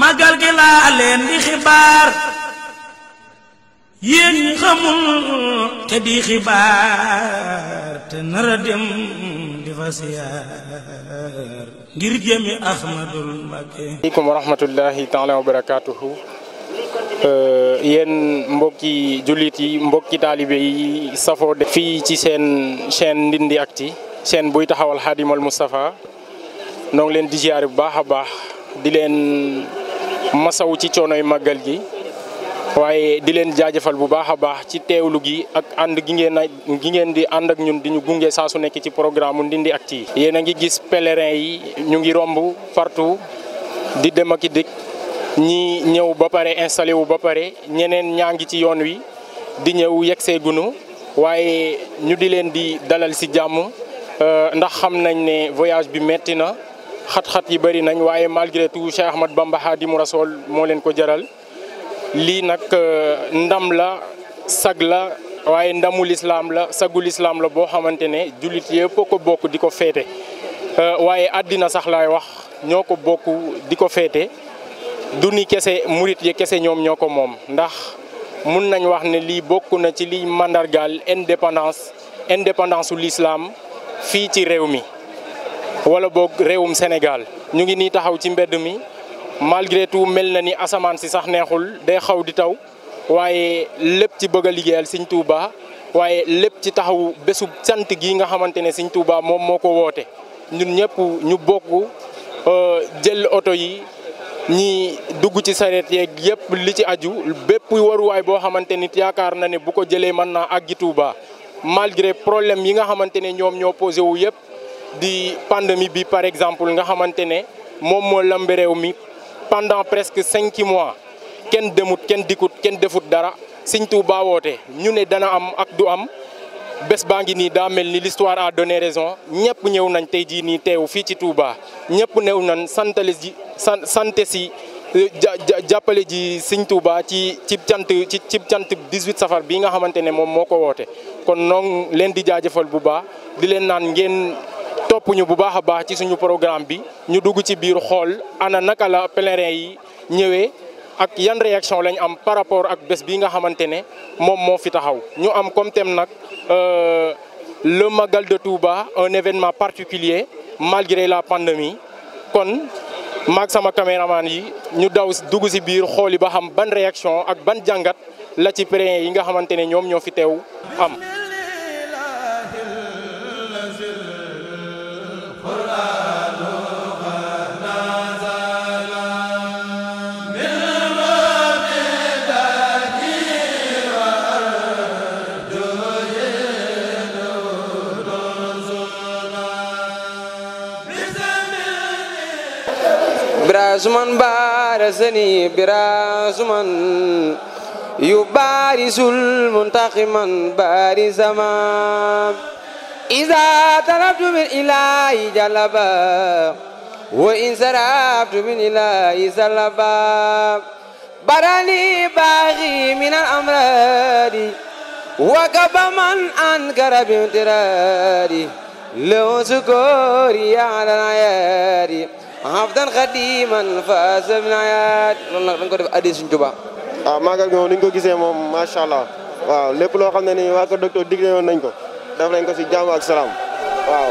magal gi laa leen di xibaar yéen xamul te di xibaar te nara di fa siyaar ngir jëmi Ahmadul Mbakke aleykum wa rahmatullahi taala wa barakaatuhu euh, mbokki jullit yi mbokki taalibe yi safoo de fii ci seen chaîne Ndindy Actu chaîne buy taxawal Xaadimal Moustapha noo leen di ziyaare bu baax a baax di leen masawu ci coonoy màggal gi waaye di leen jaajëfal bu baax a baax ci teewlu gi ak ànd gi ngeen gi ngeen di ànd ak ñun di ñu gunge saa su nekk ci programme Ndindy Actu yi. yéen a ngi gis pèlerin yi ñu ngi romb partout di dem ak dikk ñi ñëw ba pare installé wu ba pare ñeneen ñaa ngi ci yoon wi di ñëw yegg see gunu waaye ñu di leen di dalal si jàmm euh, ndax xam nañ ne voyage bi metti na. xat-xat yi bari nañ waaye malgré tout Cheikh Ahmad Bamba Xaadimu Rasuul moo leen ko jaral lii nag euh, ndam la sag la waaye ndamu lislaam la sagul lislaam la boo xamante ne jullit yëpp ko bokk di ko féete euh, waaye àddina sax laay wax ñoo ko bokk di ko féete du ni kese murit yi kese ñoom ñoo ko moom ndax mun nañ wax ne lii bokk na ci liy mandargaal indépendance indépendance u lislaam fii ci réew mi wala boog réewum Sénégal ñu ngi nii taxaw ci mbedd mi malgré tout mel na ni asamaan si sax neexul day xaw di taw waaye lépp ci bëgg a liggéeyal Sëñ Tuuba waaye lépp ci taxaw bésu sant gi nga xamante ne Sëñ Tuuba moom moo ko woote ñun ñëpp ñu bokk euh, jël oto yi ñi dugg ci sareet yeeg yëpp li ci aju bépp waruwaay boo xamante ni yaakaar na ne bu ko jëlee mën naa àggi Tuuba malgré problème yi nga xamante ne ñoom ñoo posé wu yëpp di pandémie bi par exemple nga xamante ne moom moo lambe réew mi pendant presque cinq mois kenn demut kenn dikkut kenn defut dara Sëñ Tuubaa woote ñu ne dana am ak du am bés baa ngi nii daa mel ni l'histoire a donné raison ñëpp ñëw nañ tey jii nii teew fii ci Touba ñëpp ñëw nañ santale ji san sante si euh, jàppale ji Sëñ Touba ci cib cant ci cib cant 18 safar bi nga xamante ne moom moo ko woote kon noonu leen di jaajëfal bu baax di leen naan ngeen topp ñu bu baax a baax ci suñu programme bi ñu dugg ci biir xool ana naka la pèlerin yi ñëwee ak yan réaction lañ am par rapport ak bés bi nga xamante ne moom moo fi taxaw ñu am comme thème nag euh, le Magal de ba un événement particulier malgré la pandémie kon maag sama caméraman yi ñu daw dugg si biir xool yi ba xam ban réaction ak ban jàngat la ci pèlerin yi nga xamante ne ñoom ñoo fi teew am من بارزني برازما يبارز المنتقما بارزما إذا طلبت من إلهي جلبا وإن سربت من إلهي سلبا براني باغي من الأمراض وكب من أنكر بامترادي لو سكوري على العيادي abdan xadiman faas bil ayaat loolu nag dañ ko def addi suñ Tuubaa waaw ah, màggal gi moom ni ko gisee moom macha allah waaw lépp loo xam ne ni waa ko docteur digle nañ ko def nañ ko si jàmm ak salaam waaw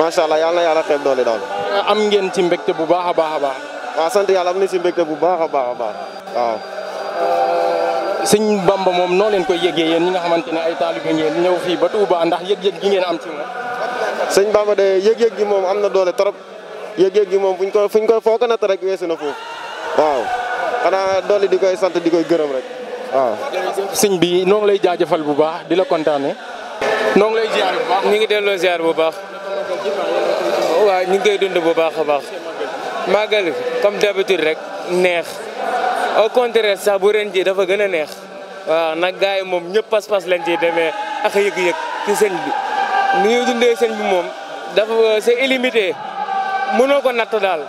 macha allah yal na yàlla xeeb doole daal. am ngeen ci mbégte bu baax a baax a baax. waaw sant yàlla am nañ si mbégte bu baax a baax a baax waaw. sëñ Bamba moom noo leen koy yëgee yéen ñi nga xamante ne ay taalibe ngeen ñëw fii ba Touba ndax yëg-yëg gi ngeen am ci moom. sëñ Bamba de yëg-yëg gi moom am na doole trop. yëg-yëg gi moom fuñ ko fuñ ko foo ko natt rek weesu na foofu waaw xanaa dolli di koy sant di koy gërëm rek waaw. sëñ bi noo ngi lay jaajëfal bu baax di la kontaane. noo ngi lay ziar bu baax ñu ngi delloo ziar bu baax. waaw ñu ngi koy dund bu baax a baax. màggal comme d'habitude rek neex au contraire sax bu ren ji dafa gën a neex waaw nag gars yi moom ñëpp pas-pas lañ ciy demee ak yëg-yëg ci sëñ bi ni ñuy dundee sëñ bi moom dafa c'est mënoo ko natt daal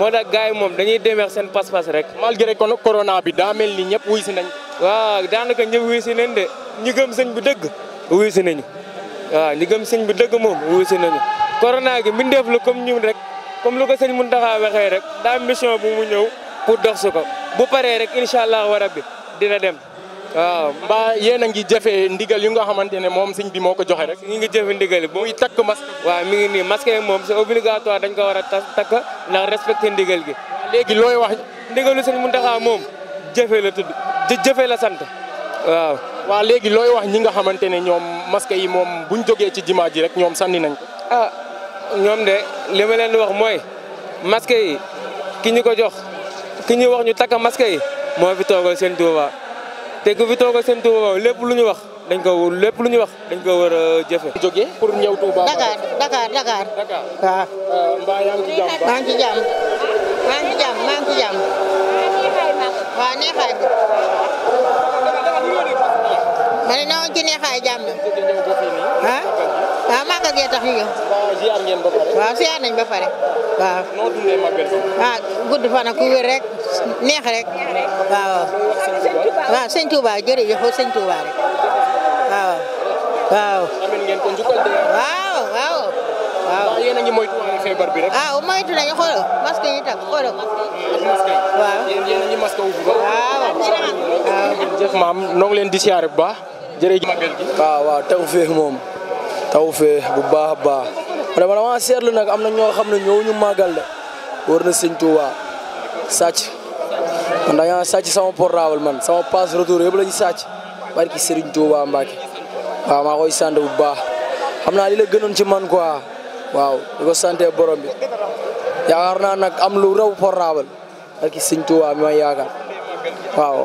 moo tax gars yi moom dañuy demeex seen pas-pas rek. malgré kon korona bi daa mel ni ñëpp wuy si nañ. waaw daanaka ñëpp wuy si nañ de ñi gëm sëñ bi dëgg wuy si nañu waaw ñi gëm sëñ bi dëgg moom wuy si nañu. corona gi mbindeef la comme ñun rek comme lu ko sëñ Mountakha waxee rek daa mission bu mu ñëw pour dox si ko bu paree rek incha allah rabbi dina dem. waaw ah, mbaa yéen a ngi jëfee ndigal yu nga xamante ne moom sëñ bi moo ko joxe rek ñu ngi jëfe ndigal yi muy takk masque waaw mi ngi nii masque yi moom c'est obligatoire dañ ko war a takk ndax respecté ndigal gi léegi looy wax ndigalu sëñ Muntaxa moom jëfe la tudd jëfe la sant waaw léegi looy wax ñi nga xamante ne ñoom masque yi moom buñ jógee ci jima ji rek ñoom sànni nañ ko ah ñoom de li leen di wax mooy masque yi ki ñu ko jox ki ñu wax ñu takk masque yi moo fi toogal seen Tuuba te ku fi toog a seen lépp lu ñu wax dañ ko lépp lu ñu wax dañ ko war a jëfe. jóge pour ñëw Touba. Dakar Dakar Dakar. Dakar waaw. Euh, mbaa yaa ngi ci jàmm. maa ngi ci jàmm maa ngi ci jàmm maa ngi ci jàmm. neexaay bi. ma ne na woon ci neexaay jàmm. ñu ñëw. waaw ziar ba pare. waaw gudd fan ak ku rek. neex rek waaw waaw sëñ Touba jërëjëf sëñ Touba rek waaw waaw waaw waaw waaw yéen a ngi moytu feebar bi rek waaw ah, moytu nañu xoolal waaw yéen a waaw waaw jërëjëf maam noo ngi leen di siyaare bu baax jërëjëf magal gi waaw waaw tawfeex baax a baax dama nag am na ñoo xam ne ñëwuñu màggal de war na sëñ Touba sàcc man dañoo sàcc sama portable man sama passe retour yëpp la ñu sàcc barki Serigne Touba waaw maa koy sant bu baax xam naa li la gënoon ci man quoi waaw di sante borom bi yaakaar naa nag am lu raw portable barki Serigne Touba mi waaw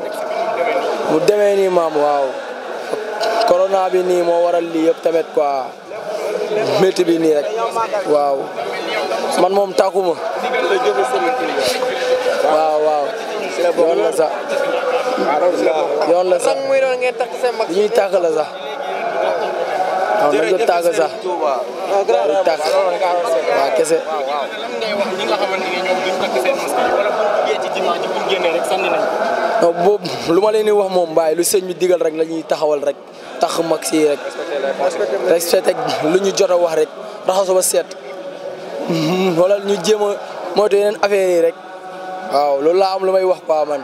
mu demee nii maam waaw corona bi ni moo waral lii yëpp tamit quoi métti bi nii rek waaw man moom tàkkuma waaw waaw yoon la sax yoon la sax ñuy tàkk la sax waaw nañ ko tàkk sax nañ kese. non lu ma leen di wax moom mbaay lu sëñ bi digal rek la ñuy taxawal rek tax mag si rek respecté lu ñu jot wax rek raxasu ba seet wala ñu jéem moo moytu yeneen affaire rek. waaw loolu laa am lu may wax quoi man.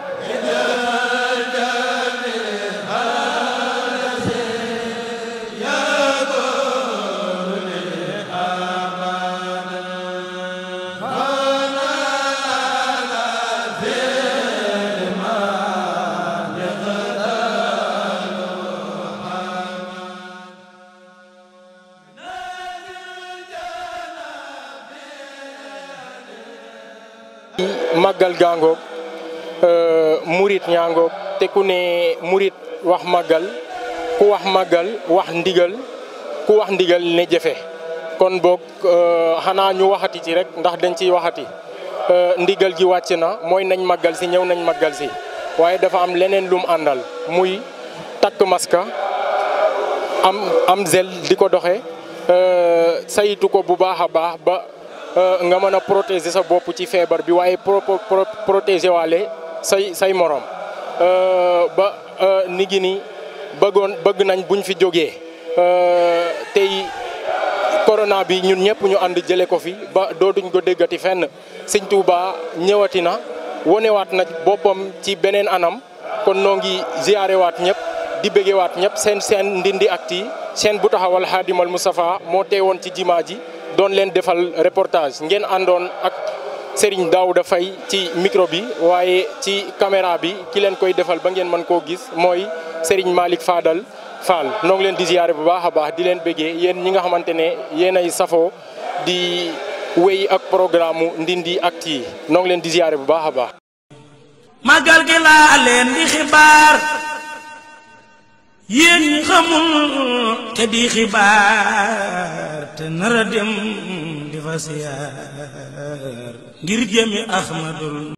màggal gaangoog euh, murit ñaangoog te ku ne murit wax màggal ku wax màggal wax ndigal ku wax ndigal ne jëfe kon boog euh, xanaa ñu waxati ci rek ndax dañ ciy waxati euh, ndigal ji wàcc na mooy nañ màggal si ñëw nañ màggal si waaye dafa am leneen lum àndal muy takk maska am am zel di ko doxe saytu ko bu baax a baax Euh, nga mën a protéger sa bopp ci feebar bi waaye pro protéger waale say say morom euh, ba euh, ni gi ni bëggoon bëgg nañ buñ fi jógee tey corona bi ñun ñëpp ñu ànd jële ko fi ba dootuñ ko déggati fenn sëñ Tuuba ñëwati na wonewaat na boppam ci beneen anam kon noo ngi ziyaarewaat ñëpp di bëggewaat ñëpp seen seen Ndindy Actu seen bu taxawal Xaadimal Moustapha moo teewoon ci jima ji doon leen defal reportage ngeen àndoon ak sëriñ daaw Daouda Faye ci micro bi waaye ci caméra bi ki leen koy defal ba ngeen mën koo gis mooy Serigne Malick Fadal Fall noo leen di ziyaare bu baax a baax di leen bëggee yéen ñi nga xamante ne yéenay safoo di wéy ak programme mu Ndindy Actu yi noo leen di ziyaare bu baax a baax. magal gi te di xibaar. te nara dem di fa siyaar ngir jëmi Ahmadul